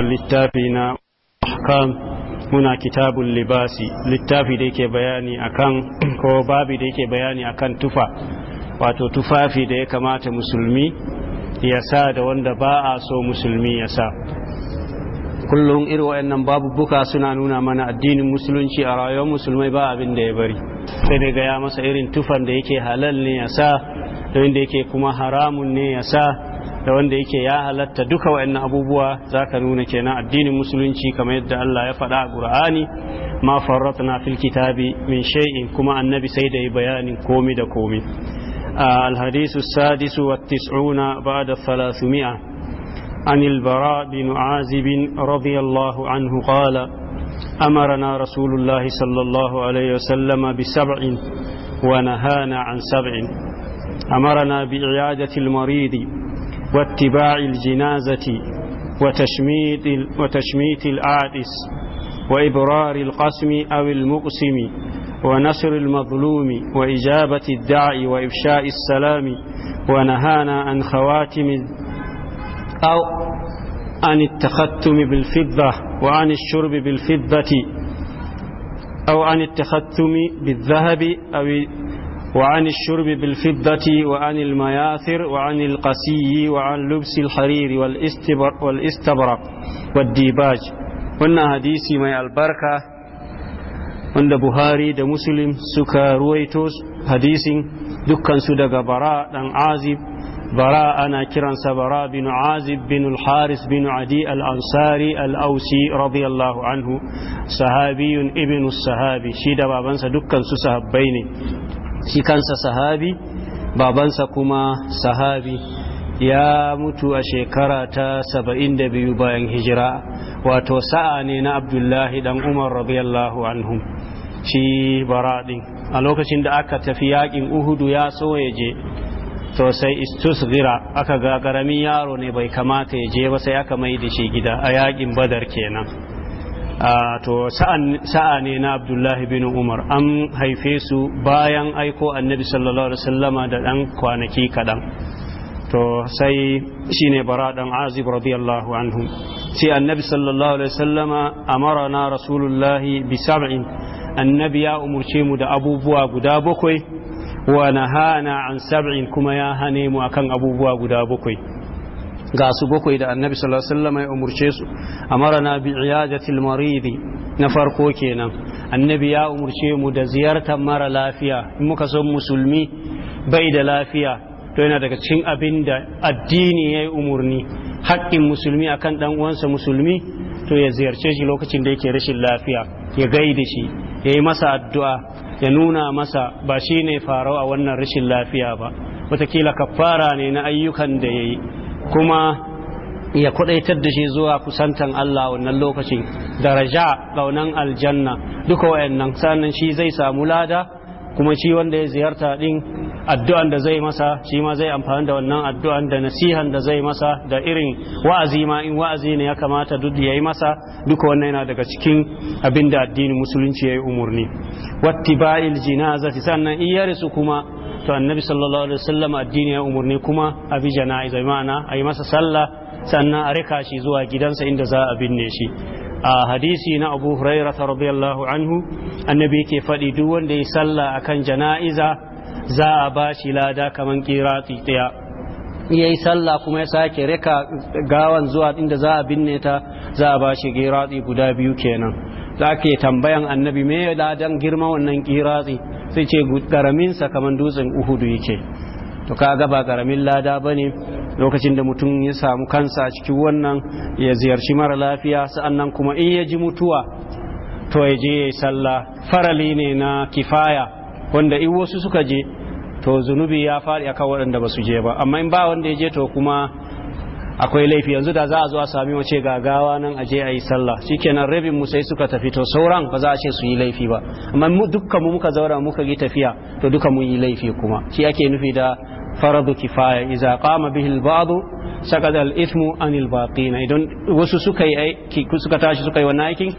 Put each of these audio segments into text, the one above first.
littafi na ahkam muna kitabun libasi littafi da yake bayani akan ko babi da yake bayani akan tufa wato tufafi da ya kamata musulmi ya sa da wanda ba a so musulmi ya sa kullum irin wayannan babubuka suna nuna mana addinin musulunci a rayuwar musulmai ba abin da ya bari sai dai ga ya masa irin tufan da yake halal ne ya sa da yake kuma haramun ne ya sa da wanda yake ya halatta duka wa'annan abubuwa zaka nuna kenan addinin musulunci kamar yadda Allah ya faɗa a Qur'ani ma farratna fil kitabi min shay'in kuma annabi sai da bayanin komi da komi الحديث السادس والتسعون بعد الثلاثمائة عن البراء بن عازب رضي الله عنه قال أمرنا رسول الله صلى الله عليه وسلم بسبع ونهانا عن سبع أمرنا بإعادة المريض واتباع الجنازة وتشميت, وتشميت الآدس وإبرار القسم أو المقسم ونصر المظلوم وإجابة الداعي وإفشاء السلام ونهانا عن خواتم أو عن التختم بالفضة وعن الشرب بالفضة أو عن التختم بالذهب أو وعن الشرب بالفضة وعن المياثر وعن القسي وعن لبس الحرير والاستبرق والديباج wannan hadisi mai albarka wanda Buhari da Muslim suka ruwaito hadisin dukkansu daga bara dan azib bara ana kiransa bara bin azib bin al-haris bin adi al-ansari al-ausi radiyallahu anhu sahabiyun ibn sahabi shi da babansa dukkansu sahabbai ne shi kansa sahabi babansa kuma sahabi ya mutu a shekara ta saba'in da biyu bayan hijira wato sa'a ne na abdullahi dan umar radiyallahu anhu shi baraɗin a lokacin da aka tafi yaƙin uhudu ya so ya je to sai istusgira aka ga ƙaramin yaro ne bai kamata ya je ba sai aka mai da shi gida a yakin badar kenan Ah, to sa'a ne na abdullahi bin umar an haife su bayan aiko annabi sallallahu alaihi wasallama da ɗan kwanaki kaɗan to sai shine bara ɗan azib radiyallahu anhu sai annabi sallallahu alaihi wasallama amarana rasulullahi bi sab'in annabi ya umurce mu da abubuwa guda bakwai wa nahana an sab'in kuma ya hane mu akan abubuwa guda bakwai ga su bakwai da annabi sallallahu ya umurce su na bi iyadatil maridi na farko kenan annabi ya umurce mu da ziyartar mara lafiya in muka san musulmi bai da lafiya to yana daga cikin abin da addini ya yi umurni haƙƙin musulmi akan ɗan uwansa musulmi to ya ziyarce shi lokacin da yake rashin lafiya ya gaida shi ya yi masa addu'a ya nuna masa ba shi ne farau a wannan rashin lafiya ba watakila kafara ne na ayyukan da ya yi kuma ya kudaitar da shi zuwa kusantan Allah wannan lokacin daraja gaunan aljanna duka wayannan sannan shi zai samu lada kuma shi wanda ya ziyarta din addu'an da zai masa shi ma zai amfani da wannan addu'an da nasihan da zai masa da irin wa'azi ma in wa'azi ne ya kamata duk yayi masa duka wannan yana daga cikin abinda addinin musulunci yayi umurni wattiba'il jinazati sannan iyarisu ya kuma to annabi sallallahu alaihi wasallam addini ya umarni kuma a bi jana'iza ma'ana a yi masa sallah sannan a rika shi zuwa gidansa inda za a binne shi a hadisi na abu huraira radiyallahu anhu annabi yake faɗi duk wanda ya sallah akan jana'iza za a ba shi lada kaman kirati ɗaya ya yi sallah kuma ya sake rika gawan zuwa inda za a binne ta za a ba shi guda biyu kenan da ake tambayan annabi me ladan girma wannan kiratsi sai ce garaminsa kamar dutsen uhudu yake to kaga ba garamin lada ba ne. lokacin da mutum ya samu kansa cikin wannan ya ziyarci mara lafiya sa'annan kuma in ya ji mutuwa to ya je ya yi sallah farali ne na kifaya wanda in wasu suka je to zunubi ya faɗi akan waɗanda ba su je ba amma in ba wanda ya je to kuma akwai laifi yanzu da za a zo a sami wace gagawa nan aje a yi sallah shi kenan rabin mu sai suka tafi to sauran ba za a ce su yi laifi ba amma dukkan mu muka zaura muka yi tafiya to duka mun yi laifi kuma shi ake nufi da faradu kifaya idza qama bihi al badu sakada al-ithmu an al-baqina idan wasu suka yi aiki suka tashi suka yi wannan aikin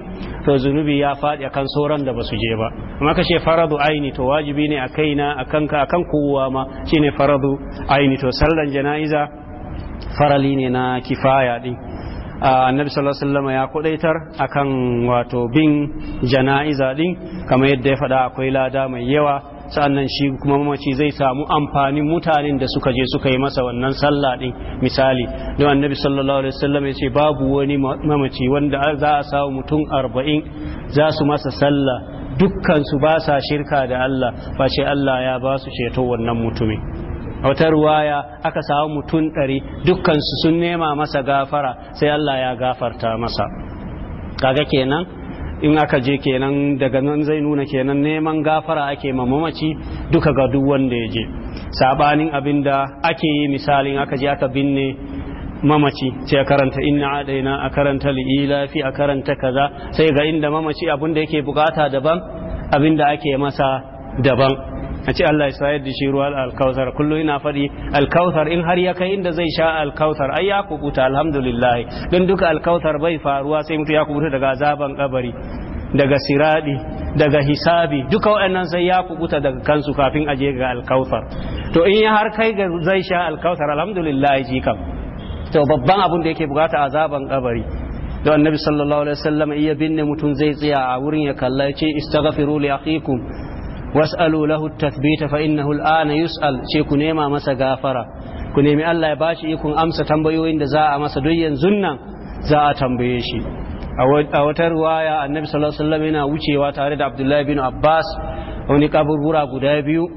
to zunubi ya faɗi akan sauran da basu je ba amma ka ce faradu aini to wajibi ne a kaina a kanka akan kowa ma shine faradu aini to sallan jana'iza farali ne na kifaya din annabi sallallahu alaihi wasallam ya kudaitar akan wato bin jana'iza din kamar yadda ya faɗa akwai lada mai yawa sannan shi kuma mamaci zai samu amfanin mutanen da suka je suka yi masa wannan sallah din misali don annabi sallallahu alaihi wasallam ya ce babu wani mamaci wanda za a samu mutum arba'in za su masa salla dukkan su ba sa shirka da Allah ce Allah ya ba su ceto wannan mutumin a wata ruwaya aka samu mutum ɗari dukkansu sun nema masa gafara sai Allah ya gafarta masa kaga kenan in aka je kenan daga nan zai nuna kenan neman gafara ake ma mamaci duka ga duk wanda ya je sabanin abin da ake yi misalin aka je aka binne mamaci sai a karanta inna adaina a karanta fi a karanta kaza sai ga inda mamaci abin da yake bukata daban abin da ake masa daban a ce Allah ya sayar da shi ruwa alkautar kullum ina faɗi alkautar in har ya kai inda zai sha alkautar ai ya kubuta alhamdulillah don duka alkautar bai faruwa sai mutu ya kubuta daga azaban kabari daga siradi daga hisabi duka waɗannan sai ya kubuta daga kansu kafin aje ga alkautar to in ya har kai ga zai sha alkautar alhamdulillah ji kam to babban abun da yake bukata azaban kabari da annabi sallallahu alaihi wasallam iya binne mutum zai tsaya a wurin ya kalla ya ce istaghfiru li akhikum Wasu lahu tathbita fa innahu al'ana yus'al ce ku nema masa gafara ku nemi Allah ya bashi ikon amsa tambayoyin da za a masa duk yanzu nan za a tambaye shi a wata ruwaya annabi sallallahu alaihi wasallam yana wucewa tare da Abdullahi bin Abbas wani kaburbura guda biyu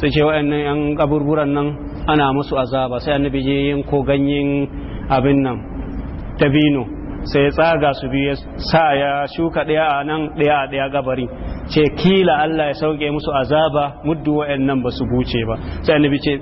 sai ce wa'annan yan kaburburan nan ana musu azaba sai annabi je yin ko ganyen abin nan tabino sai ya tsaga su biyu ya sa ya shuka ɗaya a nan ɗaya a ɗaya gabari ce kila Allah ya sauke musu azaba muddu nan ba su buce ba sai annabi ce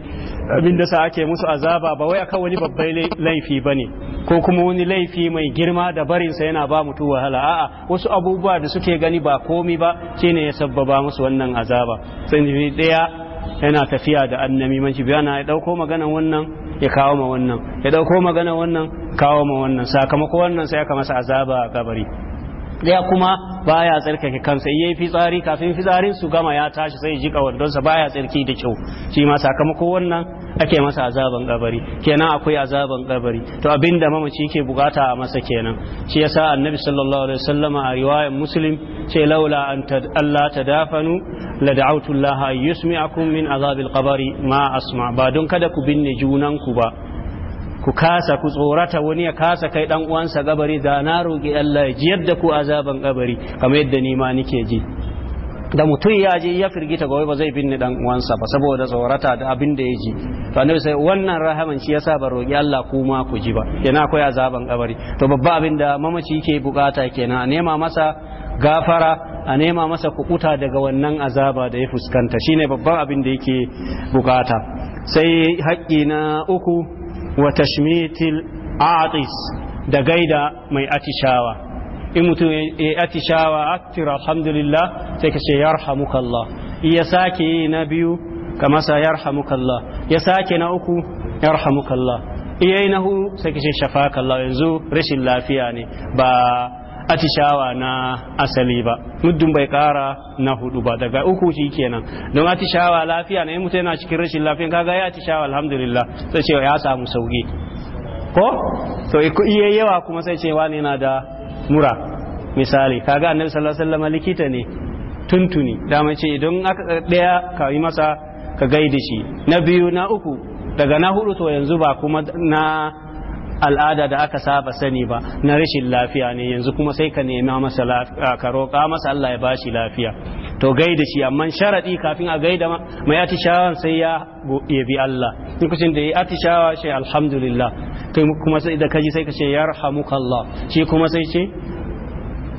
abin da sa ake musu azaba ba wai aka wani babban laifi ba ne ko kuma wani laifi mai girma da barinsa yana ba mutu wahala a'a wasu abubuwa da suke gani ba komi ba shine ya sabbaba musu wannan azaba sai ɗaya yana tafiya da shi bayana ya dauko magana wannan ya kawo ma wannan ya dauko magana wannan kawo ma wannan sakamako wannan sai aka masa azaba a kabari daya kuma baya tsarkake kansa yayi fitsari kafin fitsarin su gama ya tashi sai ji sa baya tsarki da kyau shi ma sakamako wannan ake masa azaban kabari kenan akwai azaban kabari to abinda mamaci ke bukata a masa kenan shi yasa annabi sallallahu alaihi wasallama a riwayar muslim ce laula an Allah tadafanu la da'awtu yusmi'akum min azabil kabari ma asma ba don kada ku binne junanku ba ku kasa ku tsorata wani ya kasa kai dan uwansa gabari da na roƙi Allah ya jiyar da ku azaban gabari kamar yadda ni ma nike ji da mutum ya je ya firgita gobe ba zai binne dan uwansa ba saboda tsorata da abin da ya ji to sai wannan rahaman shi yasa ba roki Allah kuma ku ji ba yana akwai azaban gabari to babba abin da mamaci yake bukata kenan a nema masa gafara a nema masa kukuta daga wannan azaba da ya fuskanta shine babban abin da yake bukata sai haƙƙi na uku wa tashmitil atis da gaida mai atishawa in mutum ya atishawa attir alhamdulillah sai ka ce yarhamukallah ya sake yi na biyu ka masa yarhamukallah ya sake na uku yarhamukallah iya yi na hu sai ka ce shafakallah yanzu rashin lafiya ne ba atishawa na asali ba muddin bai kara na hudu ba daga uku shi kenan don atishawa lafiya na yi mutum yana cikin rashin lafiya kaga ya atishawa alhamdulillah sai cewa ya samu sauki ko to iya yawa kuma sai cewa ne na da mura misali kaga annabi sallallahu alaihi wasallam likita ne tuntuni dama ce idan aka daya ka yi masa ka gaida shi na biyu na uku daga na hudu to yanzu ba kuma na al'ada da aka saba sani ba na rashin lafiya ne yanzu kuma sai ka nema masa ka roƙa masa Allah ya bashi lafiya to gaida shi amma sharadi kafin a gaida mai atishawan sai ya bi Allah in lokacin da ya atishawa shi alhamdulillah kai kuma sai da kaji sai ka ce yarhamukallah shi kuma sai ce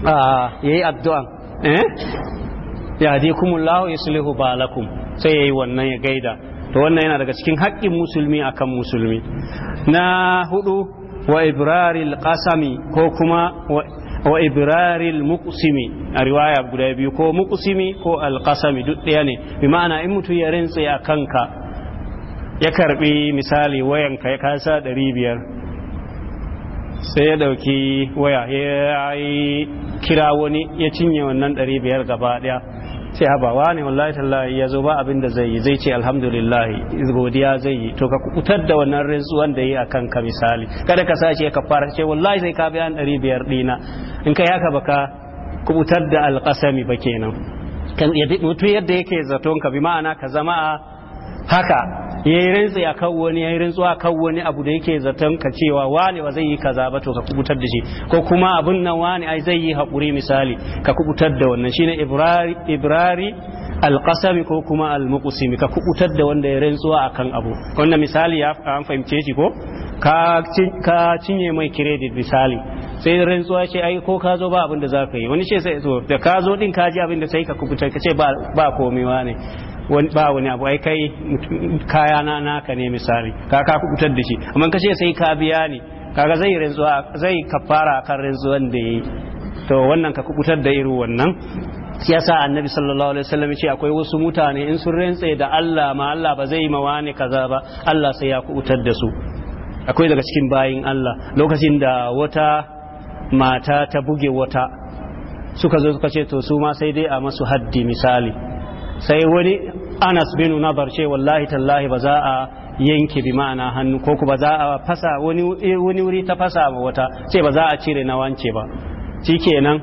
a yayi addu'a eh ya dai kumullahu yuslihu balakum sai yayi wannan ya gaida to wannan yana daga cikin haƙƙin musulmi akan musulmi na hudu wa ibraril qasami ko kuma wa ibraril muqsimi a riwaya guda biyu ko muqsimi ko alqasami duk ɗaya ne bi ma'ana in mutum ya rintse a kanka ya karbi misali wayanka ya kasa ɗari biyar sai ya ɗauki waya ya kira wani ya cinye wannan ɗari biyar gaba ɗaya ce haba wani wallahi tallahi ya zo ba abin da zai yi zai ce alhamdulillah godiya zai yi to ka kutar da wannan rantsuwan da yi a kanka misali kada ka sace ka fara ce wallahi sai ka biya 500 dina in kai haka baka kubutar da alqasami ba kenan kan yadda yadda yake zaton ka bi ma'ana ka zama haka ya yi rantsi a kan wani ya yi rantsuwa a kan wani abu da yake zaton ka cewa wane ba zai yi kaza ba to ka kubutar da shi ko kuma abin nan wane ai zai yi haƙuri misali ka kubutar da wannan shine ibrari ibrari alqasami ko kuma almuqsimi ka kubutar da wanda ya rantsuwa kan abu wannan misali ya an fahimce shi ko ka ka cinye mai credit misali sai rantsuwa ce ai ko ka zo ba abin da za ka yi wani ce sai da ka zo din ka ji abin da sai ka kubutar ka ce ba komewa ne ba wani abu ai kai kaya na naka ne misali kaka ka kubutar da shi amma kace sai ka biya ne kaga zai rantsuwa zai kafara kan rantsuwan da yayi to wannan ka kubutar da irin wannan shi yasa annabi sallallahu alaihi wasallam ce akwai wasu mutane in sun rantse da Allah ma Allah ba zai mawa ne kaza ba Allah sai ya kubutar da su akwai daga cikin bayin Allah lokacin da wata mata ta buge wata suka zo suka ce to su ma sai dai a masu haddi misali sai wani anas bin nazar ce wallahi tallahi ba za a yanke bi ma'ana hannu ko ku ba za a fasa wani wuri ta fasa ma wata ce ba za a cire na wance ba shikenan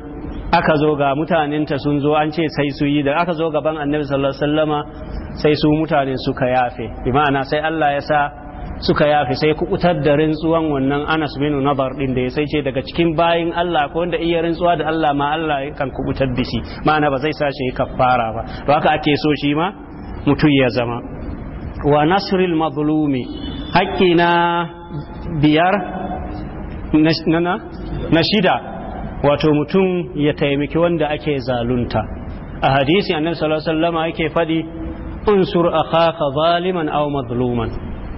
aka zo ga mutanenta sun zo an ce sai su yi da aka zo gaban annabi sallallahu alaihi wasallama sai su mutane suka yafe bi ma'ana sai Allah ya sa suka yafe sai kubutar da rintsuwan wannan Anas bin Nadar din da ya sai ce daga cikin bayin Allah ko wanda iya rintsuwa da Allah ma Allah kan kubutar da shi ma'ana ba zai sa shi kaffara ba to haka ake so shi ma mutum ya zama wa nasril mazlumi haƙƙi na biyar na shida wato mutum ya taimaki wanda ake zalunta a hadisi annabi sallallahu alaihi wasallam yake faɗi unsur akhaka zaliman aw mazluman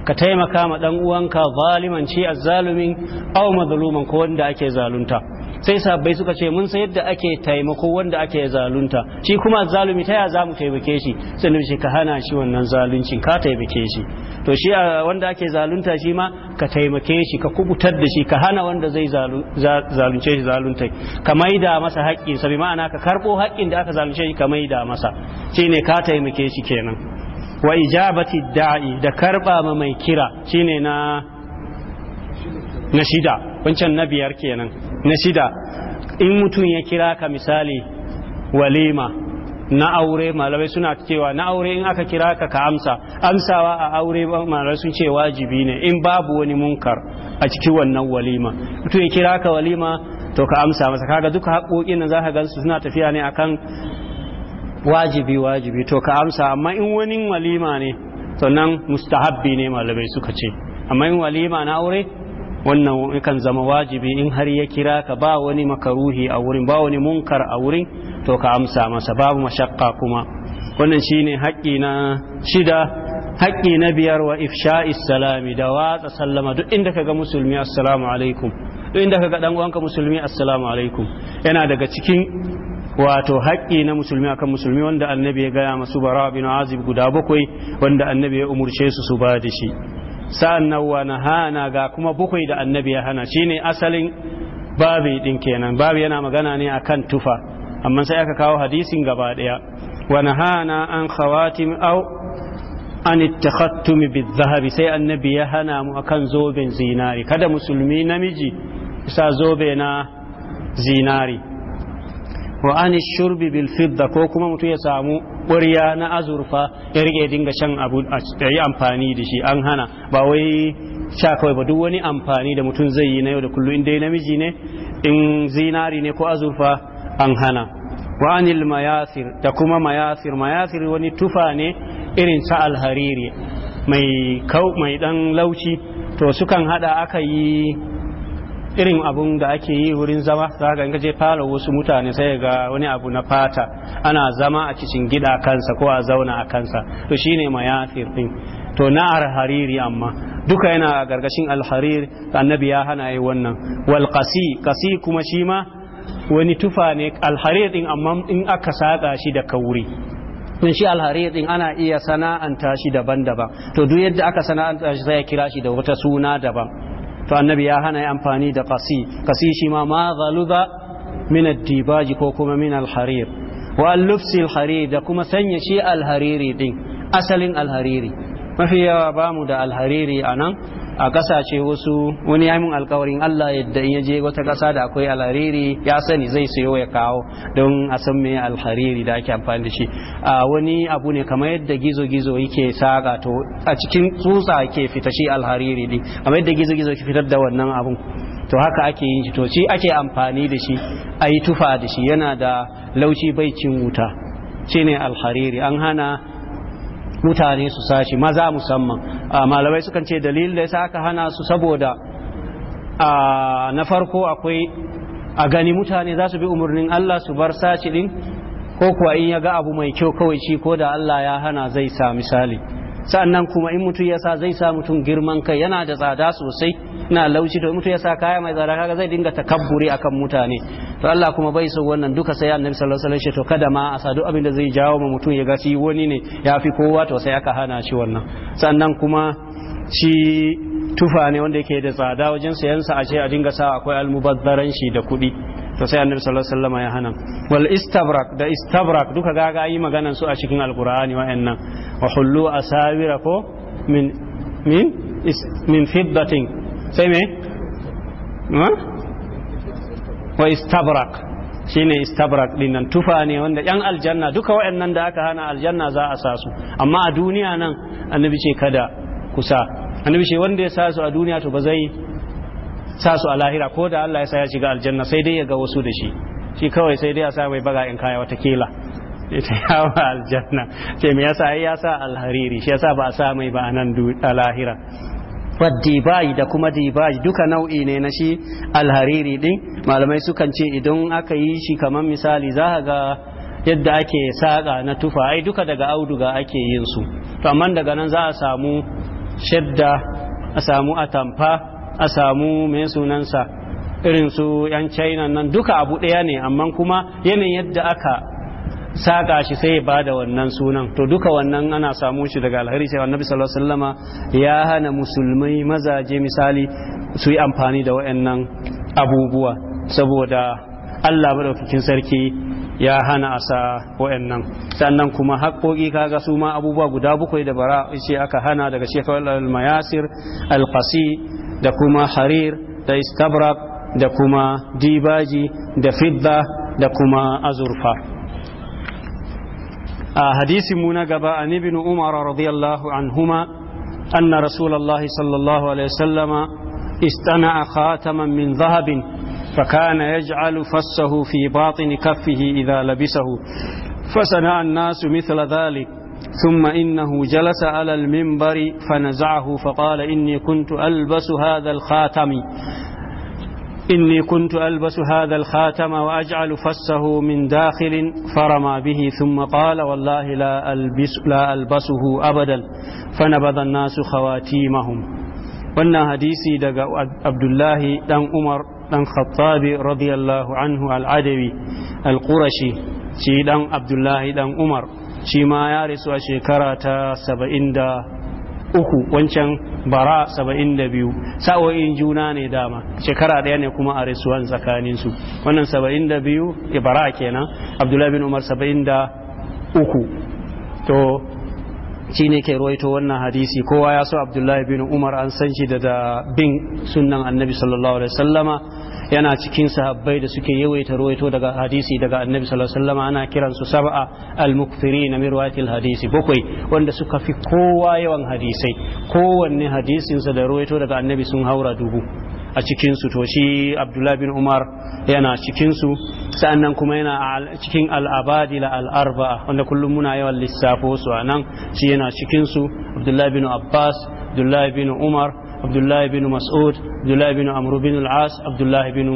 ka taimaka ma dan uwanka zaliman ci azzalumin aw mazluman ko wanda ake zalunta sai sabbai suka ce mun san yadda ake taimako wanda ake zalunta shi kuma zalumi ta ya za mu taimake shi sai nufi ka hana shi wannan zaluncin ka taimake shi to shi wanda ake zalunta shi ma ka taimake shi ka kubutar da shi ka hana wanda zai zalunce shi zalunta ka maida masa haƙƙin sa bi ma'ana ka karɓo haƙƙin da aka zalunce shi ka maida masa shi ne ka taimake shi kenan wa ijabati da'i da karɓa ma mai kira shine na na shida wancan na biyar kenan na shida in mutum ya kira ka misali walima na aure malamai suna cewa na aure in aka kira ka ka amsa amsawa a aure malamai sun ce wajibi ne in babu wani munkar a cikin wannan walima mutum ya kira ka walima to ka amsa masa kaga duka haƙoƙin nan zaka gansu suna tafiya ne akan wajibi wajibi to ka amsa amma in wani walima ne to nan mustahabbi ne malamai suka ce amma in walima na aure wannan kan zama wajibi in har ya kira ka ba wani makaruhi a wurin ba wani munkar a wurin to ka amsa masa babu mashakka kuma wannan shine haƙƙi na shida haƙƙi na biyar wa ifsha'i salami da watsa sallama duk inda ka ga musulmi assalamu alaikum duk inda ga dan uwanka musulmi assalamu alaikum yana daga cikin wato haƙƙi na musulmi akan musulmi wanda annabi ya gaya masu bara bin azib guda bakwai wanda annabi ya umurce su su ba da shi sa'annan wani hana ga kuma bukwai da annabi ya hana shine asalin babi din kenan babi yana magana ne akan tufa amma sai aka kawo hadisin gaba ɗaya wa hana an khawatim au. an ittakhattumi zahabi sai annabi ya hana mu akan zoben zinari kada musulmi namiji sa zobe na zinari wa an shurbi bil fidda ko kuma mutum ya samu ƙwarya na azurfa ya rike dinga shan abu a yi amfani da shi an hana ba wai sha kawai ba duk wani amfani da mutum zai yi na yau da kullum in dai namiji ne in zinari ne ko azurfa an hana wa anil mayasir da kuma mayasir mayasir wani tufa ne irin sa alhariri mai kau mai dan lauci to sukan hada aka yi irin abun da ake yi wurin zama za ka je fara wasu mutane sai ga wani abu na fata ana zama a cikin gida kansa ko a zauna a kansa to shine mayafir din to na hariri amma duka yana a gargashin alharir annabi ya hana yi wannan wal qasi qasi kuma shi ma wani tufa ne alharir din amma in aka saka shi da kauri in shi alharir din ana iya sana'anta shi daban-daban to duk yadda aka sana'anta shi sai ya kira shi da wata suna daban to annabi ya hana amfani da qasi qasi shi ma ma ghaluza min ad ko kuma min al-harir wa al da kuma sanya shi alhariri din asalin alhariri mafi yawa bamu da alhariri anan a kasashe wasu wani ya min alkawarin Allah yadda in ya je wata kasa da akwai alhariri ya sani zai sayo ya kawo don a san me alhariri da ake amfani da shi a wani abu ne kamar yadda gizo gizo yake saka to a cikin tsutsa ke fita shi alhariri din amma yadda gizo gizo ke fitar da wannan abun to haka ake yin shi to shi ake amfani da shi a yi tufa da shi yana da laushi baicin wuta shine alhariri an hana mutane su sashi maza musamman malamai sukan ce dalil da ya sa aka hana su saboda na farko akwai a gani mutane za su bi umarnin Allah su bar saci din ko kuwa in ya ga abu mai kyau kawai shi ko da Allah ya hana zai sa misali sa'annan kuma in mutum ya sa zai sa mutum girman kai yana da tsada sosai na laushi to mutum ya sa kaya mai tsada kaga zai dinga takabburi akan mutane to Allah kuma bai so wannan duka sai annabi sallallahu alaihi wasallam to kada ma a sadu abin da zai jawo ma mutum ya gaci wani ne ya fi kowa to sai aka hana shi wannan sannan kuma shi tufa ne wanda yake da tsada wajen sayan sa a ce a dinga sa akwai almubazzaran shi da kuɗi to sai annabi sallallahu alaihi wasallam ya hana wal istabrak da istabrak duka gaga yi maganan su a cikin alqur'ani wa'annan wa hullu asawira ko min min is min fiddatin sai me wa istabrak shine istabrak din nan tufa ne wanda yan aljanna duka waɗannan da aka hana aljanna za a sa su amma a duniya nan annabi ce kada kusa annabi ce wanda ya sa su a duniya to ba zai sa su a lahira ko da Allah ya sa ya shiga aljanna sai dai ya ga wasu da shi shi kawai sai dai ya sa mai baga in kaya wata kila ita ya ba aljanna ce me yasa ai ya sa alhariri shi sa ba a sa mai ba nan a lahira waddibai da kuma dibai duka nau'i ne na shi alhariri din malamai sukan ce idan aka yi shi kamar misali za ga yadda ake saka na tufa ai duka daga auduga ake yin su to amma daga nan za a samu shadda a samu atamfa a samu mai sunansa irin su 'yan china nan duka abu ɗaya ne amma kuma yanayin yadda aka saka shi sai ya bada wannan sunan to duka wannan ana samu shi daga alheri cewa annabi sallallahu alaihi ya hana musulmai mazaje misali su yi amfani da wayannan abubuwa saboda Allah madaukakin sarki ya hana a sa wayannan sannan kuma haƙoƙi kaga su ma abubuwa guda bakwai da bara ce aka hana daga shekawar al-mayasir al-qasi da kuma harir da istabrak da kuma dibaji da fidda da kuma azurfa a hadisi mu na gaba an ibn umar radiyallahu anhuma anna rasulullahi sallallahu alaihi wasallama istana'a khataman min dhahabin فكان يجعل فسه في باطن كفه إذا لبسه فصنع الناس مثل ذلك ثم إنه جلس على المنبر فنزعه فقال إني كنت ألبس هذا الخاتم إني كنت ألبس هذا الخاتم وأجعل فسه من داخل فرمى به ثم قال والله لا, ألبس لا ألبسه أبدا فنبذ الناس خواتيمهم wannan hadisi دقاء عبد الله دان dan دان خطاب رضي الله عنه العدوي القرشي shi عبد الله دان umar shi ma ya rasu a shekara ta saba'in da uku wancan bara saba'in da biyu sa'o'in juna ne dama shekara ɗaya ne kuma a rasuwan tsakaninsu wannan saba'in da biyu eh, bara kenan abdullahi bin umar saba'in da uku to shi ne ke roito wannan hadisi kowa ya so abdullahi bin umar an san shi da bin sunan annabi sallallahu alaihi wasallama yana cikin sahabbai da suke yawaita ruwaito daga hadisi daga annabi sallallahu alaihi wasallam ana kiran su sab'a al-mukthirina min hadisi bakwai wanda suka fi kowa yawan hadisai kowanne hadisinsa da ruwaito daga annabi sun haura dubu a cikinsu to shi abdullahi bin umar yana cikinsu sa'annan kuma yana cikin al'abadila arba wanda kullum muna yawan lissafo su a nan shi yana cikinsu abdullahi bin abbas abdullahi bin umar abdullahi bin mas'ud abdullahi bin amru bin abdullahi bin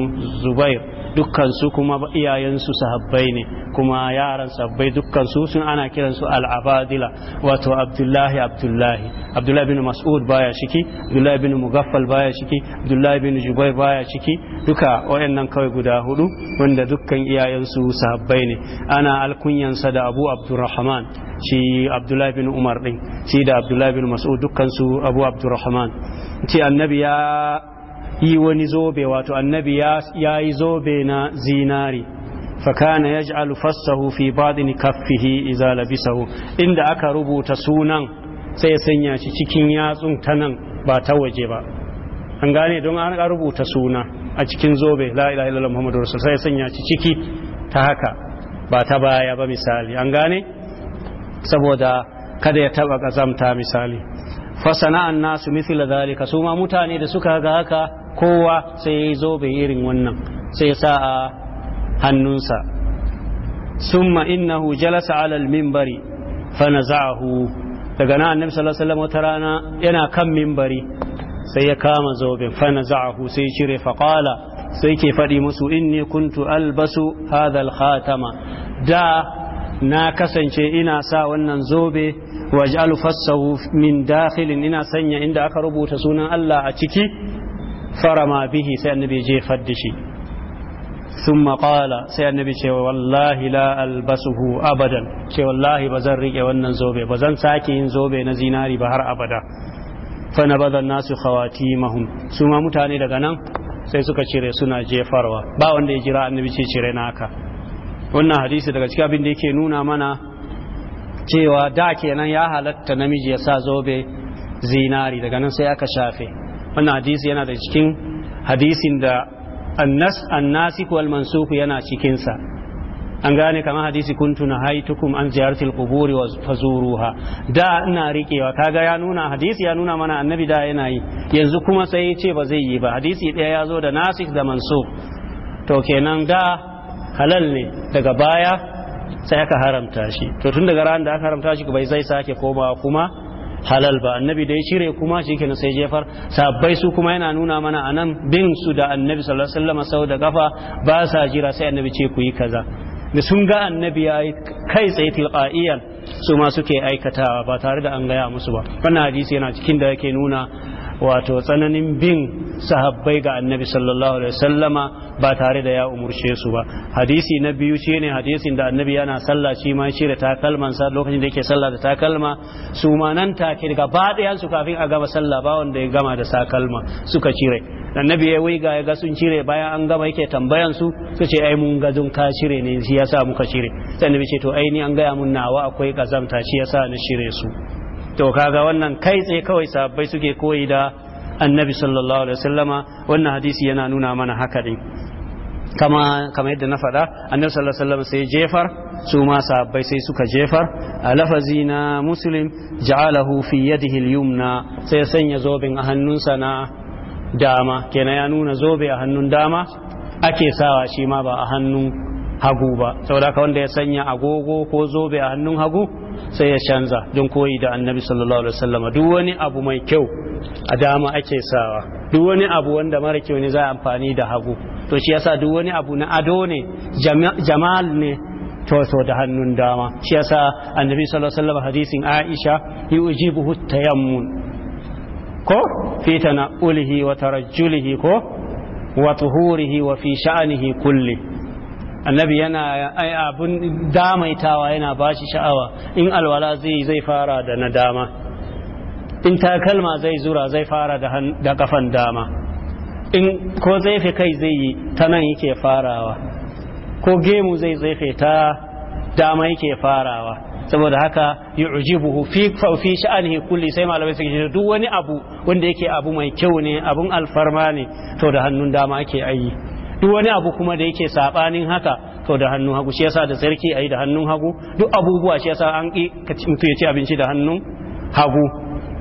zubair dukkan su kuma iyayen su sahabbai ne kuma yaran sahabbai dukkan su ana kiransu su al-abadila wato abdullahi abdullahi abdullahi bin mas'ud baya ciki abdullahi bin mugaffal baya shiki abdullahi bin jubair baya ciki duka wayannan kawai guda hudu wanda dukkan iyayen su sahabbai ne ana alkunyansa da abu abdulrahman. shi abdullahi bin umar din shi da abdullahi bin mas'ud dukansu abu abdurrahman ce annabi ya yi wani zobe wato annabi ya yi zobe na zinari fakana ya ji fassahu fi badin kaffihi iza labisahu inda aka rubuta sunan sai ya sanya shi cikin yatsun ta nan ba ta waje ba an gane don an rubuta suna a cikin zobe la ilaha illallah muhammadu rasul sai ya sanya shi ciki ta haka ba ta baya ba misali an gane saboda kada ya taba kazamta misali fasana an nasu mithla zalika su ma mutane da suka ga haka kowa sai ya zo bai irin wannan sai ya sa a hannunsa summa innahu jalasa ala al-minbari fanaza'ahu daga nan annabi sallallahu alaihi wasallam wata rana yana kan minbari sai ya kama zoben fanaza'ahu sai cire faqala sai ke faɗi musu inni kuntu albasu hadha al-khatama da na kasance ina sa wannan zobe waj'al fassahu min dakhilin ina sanya inda aka rubuta sunan Allah a ciki farama bihi sai annabi je da shi thumma qala sai annabi ce wallahi la albasuhu abadan ce wallahi bazan rike wannan zobe bazan sake yin zobe na zinari ba har abada fa bazan nasu khawatimahum su ma mutane daga nan sai suka cire suna jefarwa ba wanda ya jira annabi ce cire naka wannan hadisi daga cikin abin da yake nuna mana cewa da kenan ya halatta namiji ya sa zobe zinari daga nan sai aka shafe wannan hadisi yana da cikin hadisin da annas annasik wal yana cikin sa an gane kamar hadisi kuntu na haitukum an ziyartil quburi wa fazuruha da ina rikewa kaga ya nuna hadisi ya nuna mana annabi da yana yi yanzu kuma sai ya ce ba zai yi ba hadisi daya ya zo da nasik da mansuk to kenan da halal ne daga baya sai aka haramta shi to tun daga ran da aka haramta shi bai zai sake komawa kuma halal ba annabi da ya cire kuma shikenan sai jefar sabbai su kuma yana nuna mana anan bin su da annabi sallallahu alaihi wasallam sau da gafa ba sa jira sai annabi ce ku yi kaza da sun ga annabi ya kai tsaye tilqa'iyan su ma suke aikatawa ba tare da an gaya musu ba wannan hadisi yana cikin da yake nuna wato tsananin bin sahabbai ga annabi sallallahu alaihi wasallama ba tare da ya umurce su ba hadisi na biyu ne hadisin da annabi yana sallah shi ma shi da sa lokacin da yake sallah da takalma su ma nan take daga baɗayan su kafin a gama sallah ba wanda ya gama da sakalma suka cire annabi ya wiga ya ga sun cire bayan an gama yake tambayan su su ce ai mun ga zun ka cire ne shi yasa muka cire sai annabi ce to ai ni an gaya mun nawa akwai kazamta shi yasa na shire su to kaga wannan kai tsaye kawai sabbai suke koyi da annabi sallallahu alaihi wasallama wannan hadisi yana nuna mana haka din kama kama yadda na faɗa annabi sallallahu alaihi wasallam sai jefar su ma sahabbai sai suka jefar a lafazi na muslim ja'alahu fi yadihi al-yumna sai sanya zobin a hannunsa na dama kenan ya nuna zobe a hannun dama ake sawa shi ma ba a hannun hagu ba saboda haka wanda ya sanya agogo ko zobe a hannun hagu sai ya canza don koyi da annabi sallallahu alaihi wasallam duk wani abu mai kyau a dama ake sawa duk wani abu wanda mara kyau ne za a amfani da hagu to shi yasa duk wani abu na ado ne jamal ne to da hannun dama shi yasa annabi sallallahu alaihi wasallam hadisin Aisha yujibuhu tayammun ko fitana ulihi wa tarajjulihi ko wa tuhurihi wa fi sha'anihi kulli annabi yana abun damaitawa yana ba shi sha'awa in alwala zai zai fara da na dama in takalma zai zura zai fara da kafan dama in ko zaife kai zai yi ta nan yake farawa ko gemu zai tsefe ta dama yake farawa saboda haka yi ujibuhu fi fi sha'anihi kulli sai malamai suke duk wani abu wanda yake abu mai kyau ne abun alfarma ne to da hannun dama ake ayi duk wani abu kuma da yake sabanin haka to da hannun hagu shi yasa da sarki ayi da hannun hagu duk abubuwa shi yasa an ki mutum ya ci abinci da hannun hagu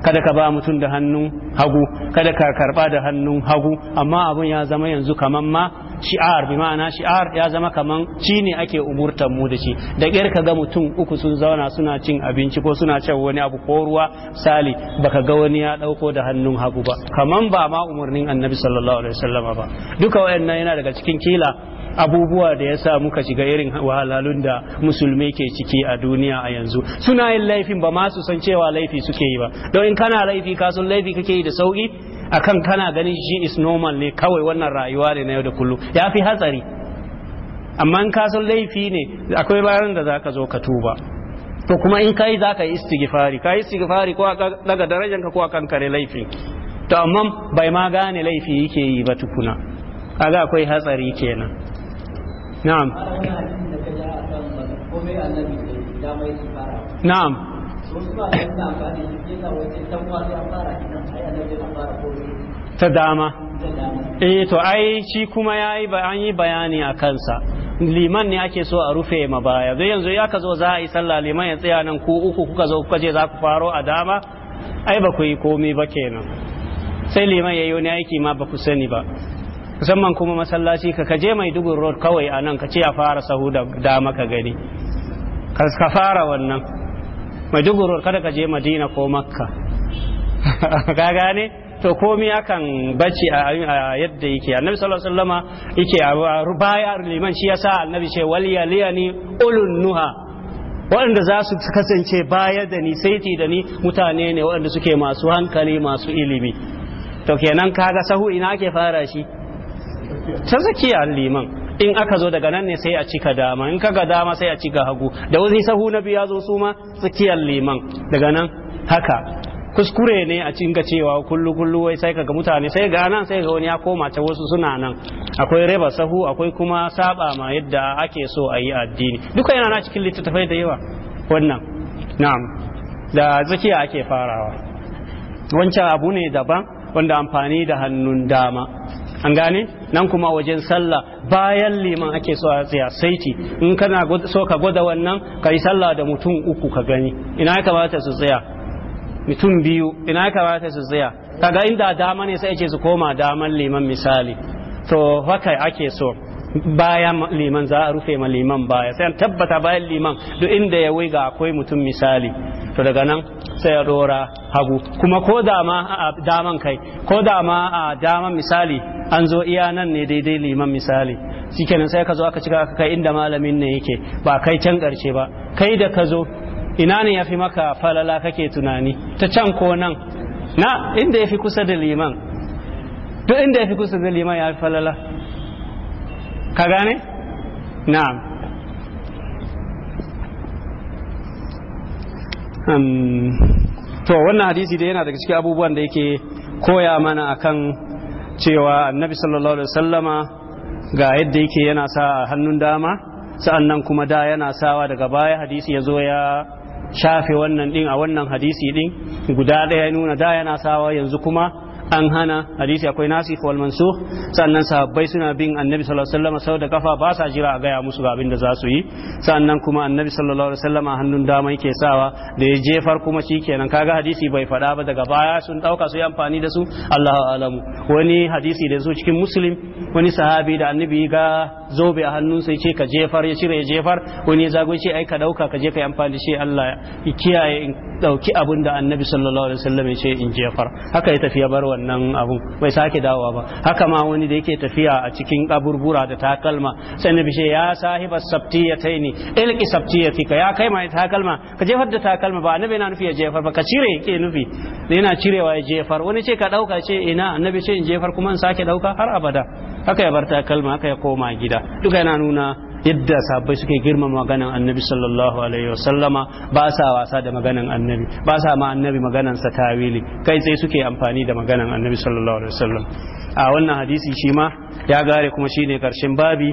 kada ka ba mutum da hannun hagu kada ka karba da hannun hagu amma abun ya zama yanzu kaman ma shi'ar bi ma'ana shi'ar ya zama kaman ci ne ake umurtan mu da shi da ƙyar ka ga mutum uku sun zauna suna cin abinci ko suna cin wani abu ko ruwa sali baka ga wani ya ɗauko da hannun hagu ba kaman ba ma umarnin annabi sallallahu alaihi wasallam ba duka wayannan yana daga cikin kila abubuwa da ya sa muka shiga irin wahalhalun da musulmi ke ciki a duniya a yanzu suna yin laifin ba ma su san cewa laifi suke yi ba don in kana laifi ka san laifi kake yi da sauki akan kana ganin shi is normal ne kawai wannan rayuwa ne na yau da kullum ya fi hatsari amma in ka san laifi ne akwai bayan da za zo ka tuba to kuma in kai za ka yi istighfari ka istighfari ko daga darajar ka ko akan kare laifin to amma bai ma gane laifi yake yi ba tukuna kaga akwai hatsari kenan na'am na'am ta dama eh to ai shi kuma yayi an yi bayani a kansa liman ne ake so a rufe ma baya don yanzu ya ka zo za a yi sallah liman ya tsaya nan ko uku kuka zo kuka je za ku faro a dama ai ba ku yi komai ba kenan sai liman yayi wani aiki ma ba ku sani ba musamman kuma masallaci ka kaje mai dugun road kawai a nan ka ce a fara sahu da dama ka gani ka fara wannan maiduguri kada ka je madina ko makka ka gane to komi akan bacci a yadda yake annabi sallallahu alaihi wasallama yake a rubaya liman shi yasa annabi ce waliyaliyani ulun nuha waɗanda za su kasance baya da ni saiti da ni mutane ne waɗanda suke masu hankali masu ilimi to kenan kaga sahu ina ake fara shi ta zakiya liman in aka zo daga nan ne sai a cika dama in kaga dama sai a cika hagu da wani sahu na biya zo suma ma tsakiyar liman daga nan haka kuskure ne a cinka cewa kullu kullu wai sai kaga mutane sai ga nan sai ga wani ya koma ta wasu suna nan akwai reba sahu akwai kuma saba ma yadda ake so a yi addini duka yana na cikin littattafai da yawa wannan na'am da tsakiya ake farawa wancan abu ne daban wanda amfani da hannun dama an gane nan kuma wajen sallah bayan liman ake so a tsaya saiti in kana so ka gwada wannan ka yi sallah da mutum uku ka gani ina ya kamata su tsaya mutum biyu ina ya kamata su tsaya kaga inda dama ne sai ce su koma daman liman misali to haka ake so baya liman za a rufe ma liman baya sai an tabbata bayan liman duk inda ya wiga akwai mutum misali to daga nan sai ya dora hagu kuma ko da ma a daman kai ko da ma a daman misali an zo iya nan ne daidai liman misali shikenan sai ka zo aka cika aka kai inda malamin ne yake ba kai can karshe ba kai da ka zo ina ne ya maka falala kake tunani ta can ko nan na inda ya kusa da liman duk inda ya kusa da liman ya falala ka gane na'am to wannan hadisi da yana daga cikin abubuwan da yake koya mana akan cewa annabi sallallahu alaihi wasallama ga yadda yake yana sa hannun dama sa'annan kuma da yana sawa daga baya hadisi ya zo ya shafe wannan din a wannan hadisi din guda ɗaya nuna da yana sawa yanzu kuma an hana hadisi akwai nasi wal mansukh sannan sahabbai suna bin annabi sallallahu alaihi wasallam sau da kafa ba sa jira a gaya musu ga abin da za su yi sannan kuma annabi sallallahu alaihi wasallam a hannun dama yake sawa da ya jefar kuma shikenan kaga hadisi bai fada ba daga baya sun dauka su yi amfani da su Allahu alamu wani hadisi da zo cikin muslim wani sahabi da annabi ga zobe a hannunsa ya ce ka jefar ya cire ya jefar wani ya zago ce ai ka dauka ka je ka yi amfani da shi Allah ya kiyaye in dauki abin da annabi sallallahu alaihi wasallam ya ce in jefar haka ya tafi ya barwa wannan abun bai sake dawowa ba haka ma wani da yake tafiya a cikin kaburbura da takalma sai nabi ce ya sahiba sabtiyataini ilqi fika ya kai mai takalma ka jefar da takalma ba annabi yana nufi ya jefar ba ka cire yake nufi da yana cirewa ya jefar wani ce ka dauka ce ina annabi ce in jefar kuma in sake dauka har abada haka ya bar takalma haka ya koma gida duka yana nuna yadda sahabbai suke girma maganan annabi sallallahu alaihi wasallama ba sa wasa da maganan annabi ba sa ma annabi maganan sa tawili kai sai suke amfani da maganan annabi sallallahu alaihi wasallam a wannan hadisi shi ma ya gare kuma shine karshen babi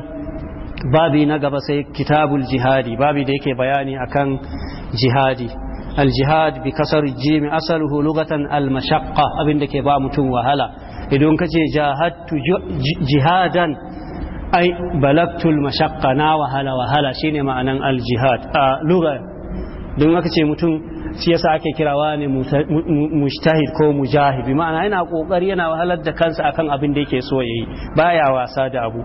babi na gaba sai kitabul jihadi babi da yake bayani akan jihadi الجهاد بكسر الجيم أصله لغة المشقة أبن دك با متون وهلا إذن كجي جاهدت جهادا ai balaktul mashaqqa na wahala wahala shine ma'anan al-jihad a lugha don aka ce mutum shi yasa ake kirawa ne mujtahid ko mujahid bi ma'ana yana kokari yana wahalar da kansa akan abin da yake so ya yi baya wasa da abu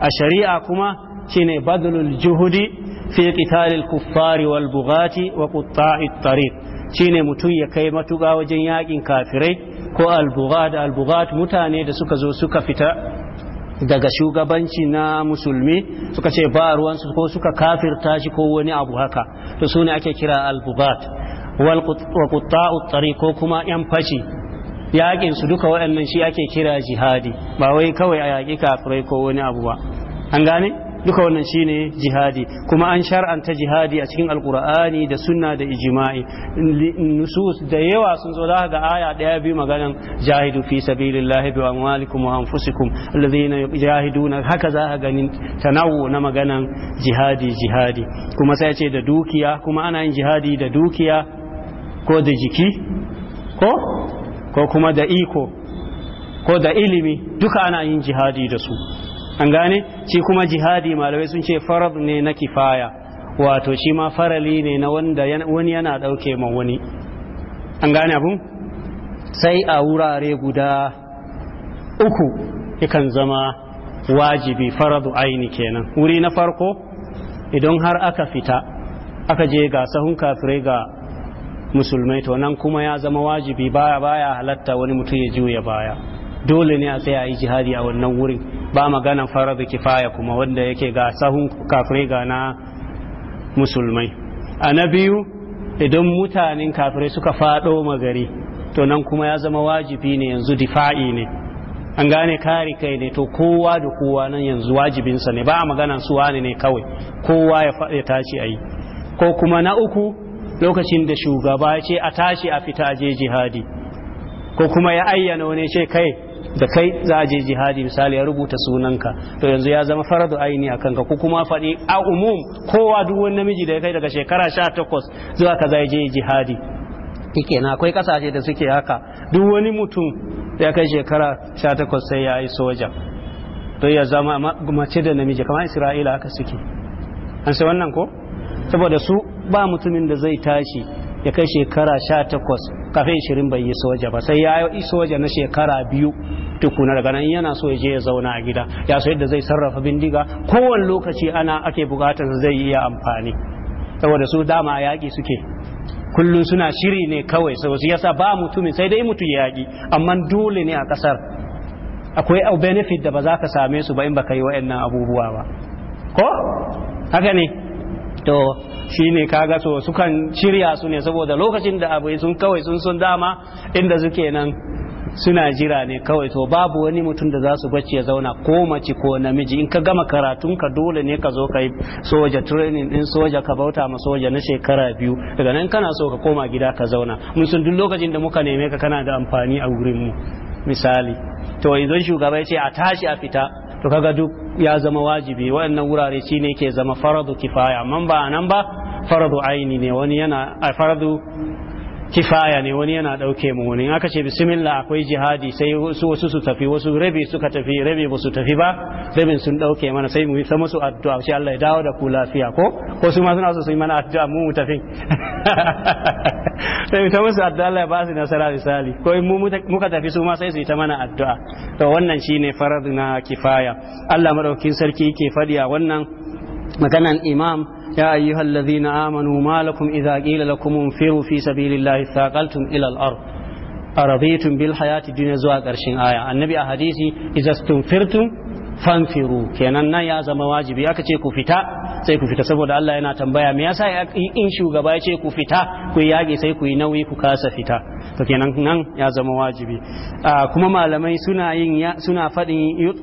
a shari'a kuma shine badlul juhudi fi qitalil kuffari wal bughati wa at tariq shine mutum ya kai matuka wajen yakin kafirai ko al bughad al-bughat mutane da suka zo suka fita daga shugabanci na musulmi suka ce ba ruwansu ko suka kafirta shi ko wani abu haka to su ne ake kira al-bugat wa qutta'u tsari ko kuma yan fashi yakin su duka waɗannan shi ake kira jihadi ba wai kawai a yaƙi kafirai ko wani abu ba an gane duka wannan shine jihadi kuma an shar'anta jihadi a cikin alkur'ani da sunna da ijma'i nusus da yawa sun zo daga ga aya daya bi maganan jahidu fi sabilillahi bi amwalikum wa anfusikum alladhina yujahiduna haka za ka ganin tanawu na maganan jihadi jihadi kuma sai ce da dukiya kuma ana yin jihadi da dukiya ko da jiki ko ko kuma da iko ko da ilimi duka ana yin jihadi da su an gane shi kuma jihadi malamai sun ce farad ne na kifaya wato shi ma farali ne na wanda wani yana ɗauke ma wani an gane abu sai a wurare guda uku yakan zama wajibi faradu aini kenan wuri na farko idan har aka fita aka je ga sahun kafirai ga musulmai to nan kuma ya zama wajibi baya baya halatta wani mutum ya juya baya dole ne a tsaya a yi jihadi a wannan wurin ba maganan da kifaya kuma wanda yake ga sahun kafirai ga na musulmai a na biyu idan mutanen kafirai suka faɗo magari to nan kuma ya zama wajibi ne yanzu difa'i ne an gane kare kai ne to kowa da kowa nan yanzu wajibinsa ne ba a maganan su wani ne kawai kowa ya tashi a yi ko kuma na uku lokacin da shugaba ce a tashi a fita je jihadi ko kuma ya ayyana wani ce kai da kai za a je jihadi misali ya rubuta sunanka to yanzu ya zama faradu aini a kanka ko kuma faɗi a umum kowa duk wani namiji da ya kai daga shekara sha takwas zuwa kaza ya je jihadi yake na akwai kasashe da suke haka duk wani mutum da ya kai shekara sha takwas sai ya yi soja to ya zama mace da namiji kamar isra'ila haka suke an wannan ko saboda su ba mutumin da zai tashi ya kai shekara sha takwas kafin shirin bai yi soja ba sai ya yi soja na shekara biyu tukuna daga nan yana so ya je ya zauna a gida ya so yadda zai sarrafa bindiga kowane lokaci ana ake bukatar zai iya amfani saboda su dama yaƙi suke kullum suna shiri ne kawai sau su yasa ba mutumin sai dai mutu yaƙi amma dole ne a ƙasar akwai benefit da ba za ka same su ba in ba ka yi nan abubuwa ba ko haka ne to shi ne kaga so sukan shirya su ne saboda lokacin da abu sun kawai sun sun dama inda suke nan suna jira ne kawai to babu wani mutum da za su bacci ya zauna ko mace ko namiji in ka gama karatun ka dole ne ka zo ka yi soja training din soja ka bauta ma soja na shekara biyu daga nan kana so ka koma gida ka zauna mun sun duk lokacin da muka neme ka kana da amfani a wurin mu misali to idan shugaba ya ce a tashi a fita to kaga duk ya zama wajibi waɗannan wurare ne ke zama faradu kifaya amma ba nan ba faradu aini ne wani yana faradu kifaya ne wani yana ɗauke mu wani aka ce bismillah akwai jihadi sai su wasu su tafi wasu rabi suka tafi rabi ba su tafi ba rabin sun ɗauke mana sai mu yi musu addu'a shi Allah ya dawo da ku lafiya ko ko su ma suna so su yi mana addu'a mu mu tafi sai mu ta musu addu'a Allah ya ba su nasara misali ko mu muka tafi su ma sai su yi ta mana addu'a to wannan shine farad na kifaya Allah madaukin sarki yake faɗi a wannan maganan imam Ya ayyuhan lazina amanu ما لكم إذا قيل لكم sabilillahi في ilal الله اثاقلتم bil hayati أرضيتم zuwa الدنيا زواج أرشين آية النبي أحاديثي إذا استنفرتم fanfiru kenan nan ya zama wajibi aka ce ku fita sai ku fita saboda Allah yana tambaya me yasa in shugaba ya ce ku fita kuyi yage sai kuyi nauyi ku kasa fita to kenan nan ya zama wajibi kuma malamai suna yin suna faɗin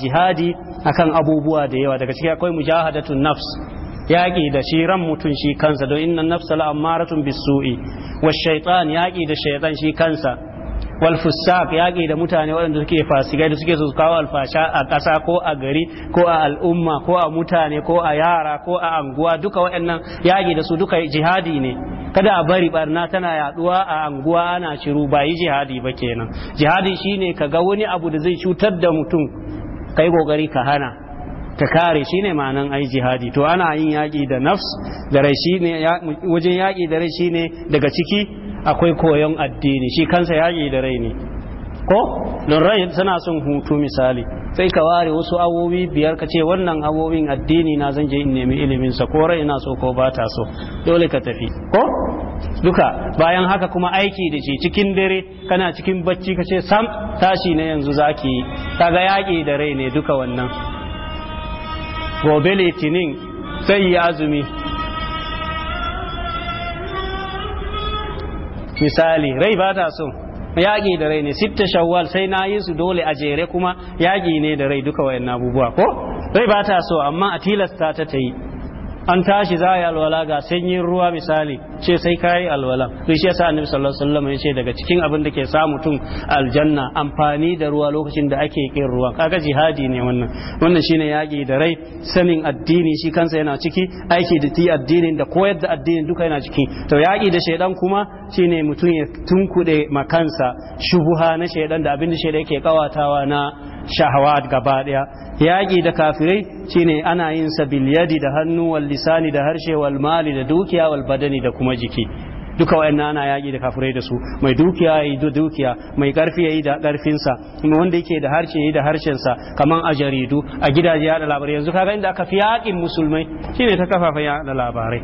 jihadi akan abubuwa da yawa daga ciki akwai mujahadatun nafs yaƙi da shi ran mutum shi kansa don inna nafsa amaratun bisu'i wa shaitan yaƙi da shaitan shi kansa wal fusaq yaƙi da mutane waɗanda suke fasikai da suke su kawo alfasha a ƙasa ko a gari ko a al'umma ko a mutane ko a yara ko a anguwa duka waɗannan yaƙi da su duka jihadi ne kada a bari barna tana yaduwa a anguwa ana shiru ba yi jihadi ba kenan jihadi shine ka ga wani abu da zai cutar da mutum kai kokari ka hana ka kare shine ma'anan ai jihadi to ana yin yaƙi da nafs da rai shine wajen yaƙi da rai shine daga ciki akwai koyon addini shi kansa yaƙi da rai ne ko don rai tana son hutu misali sai ka ware wasu awowi biyar ka ce wannan awowin addini na zan je in nemi ilimin sa ko rai na so ko ba ta so dole ka tafi ko duka bayan haka kuma aiki da shi cikin dare kana cikin bacci ka ce sam tashi na yanzu zaki kaga yaƙi da rai ne duka wannan gobe litinin sai yi azumi misali rai ba ta so yaƙi da rai ne sitta shawwal sai na yi su dole a jere kuma yaƙi ne da rai duka wayan abubuwa ko rai ba ta so amma a tilasta ta ta yi an tashi za a yi alwala ga sanyin ruwa misali ce sai kayi alwala to shi yasa annabi sallallahu alaihi wasallam ya ce daga cikin abin da ke sa mutum aljanna amfani da ruwa lokacin da ake kin ruwa kaga jihadi ne wannan wannan shine yaki da rai sanin addini shi kansa yana ciki aiki da ti addinin da koyar da addinin duka yana ciki to yaki da shaidan kuma shine mutum ya tunkude makansa shubuha na shaidan da abin da shaidan yake kawatawa na shahawat gaba daya yaki da kafirai shine ana yin sa bil yadi da hannu wal lisani da harshe wal mali da dukiya wal badani da kuma kuma jiki duka wayannan ana yaƙi da kafirai da su mai dukiya yayi da dukiya mai karfi yayi da karfinsa kuma wanda yake da harshe yayi da harshensa kaman a jaridu a gidaje yada labarai yanzu kaga inda aka fi yaƙin musulmai shine ta kafafen yada labarai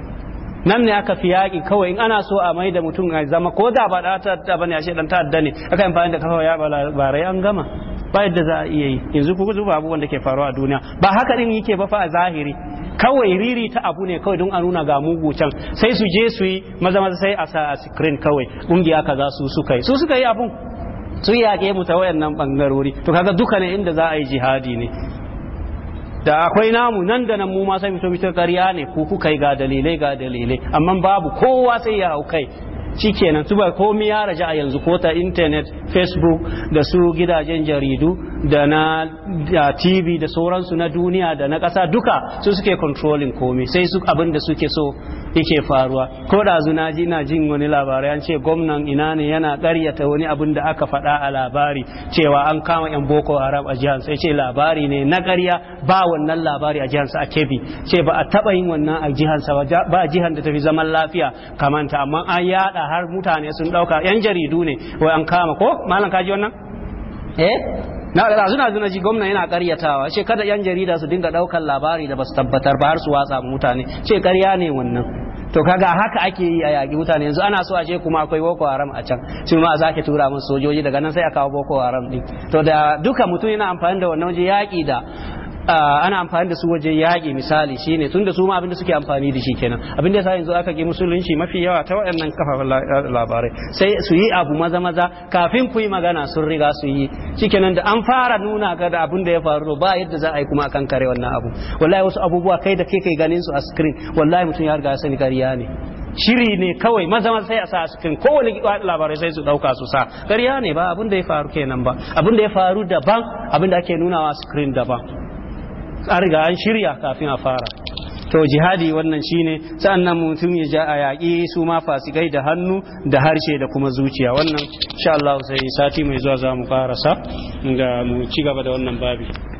nan ne aka fi yaƙi kawai in ana so a mai da mutum a zama ko da ba da ta bane a shedan ta'adda ne aka amfani da kafa yaɗa labarai an gama ba yadda za a iya yi yanzu ku zuba abubuwan da ke faruwa a duniya ba haka din yake ba fa a zahiri kawai riri ta abu ne kawai don a nuna ga mugu can sai su je su yi maza maza sai a sa a screen kawai kungiya kaza su suka yi su suka yi abun su yi yaƙe mu ta wayannan bangarori to kaga duka ne inda za a yi jihadi ne da akwai namu nan da nan mu ma sai fito fito ƙarya ne ku kuka ga dalilai ga dalilai amma babu kowa sai ya hau kai shikenan su ba komai ya raja a yanzu ko ta internet facebook da su gidajen jaridu da na da tv da sauransu na duniya da na kasa duka su suke controlling komai sai su abin da suke so yake faruwa ko da zuna ji ina jin wani labarai an ce gwamnan ina ne yana ƙaryata wani abin da aka faɗa a labari cewa an kama yan boko haram a jihar sai ce labari ne na ƙarya ba wannan labari a jihansa a kebi ce ba a taɓa yin wannan a jihansa ba jihar da tafi zaman lafiya kamanta amma an yada har mutane sun dauka yan jaridu ne wai an kama ko malam kaji wannan eh na da zuna zuna ji gwamna yana karyatawa ce kada yan jarida su dinga daukar labari da basu tabbatar ba har su watsa mutane ce karya ne wannan to kaga haka ake yi a yaki mutane yanzu ana so a ce kuma akwai boko haram a can su ma za ki tura min sojoji daga nan sai a kawo boko haram din to da duka mutum yana amfani da wannan waje yaki da ana amfani da su waje yaƙi misali shine tun da su ma abinda suke amfani da shi kenan abin da yasa yanzu aka ki musulunci mafi yawa ta waɗannan kafafen labarai sai su yi abu maza maza kafin ku yi magana sun riga su yi shikenan da an fara nuna ga da abin da ya faru ba yadda za a yi kuma akan kare wannan abu wallahi wasu abubuwa kai da kai kai ganin su a screen wallahi mutum ya riga sani ƙarya ne shiri ne kawai maza maza sai a sa cikin kowane labarai sai su ɗauka su sa ƙarya ne ba abin da ya faru kenan ba abin da ya faru daban abin da ake nunawa screen daban an riga an shirya kafin a fara to jihadi wannan shine sannan mutum ya ja a yaƙi su ma fasikai da hannu da harshe da kuma zuciya wannan insha Allah sai sati mai zuwa za mu fara sa ga mu ci gaba da wannan babi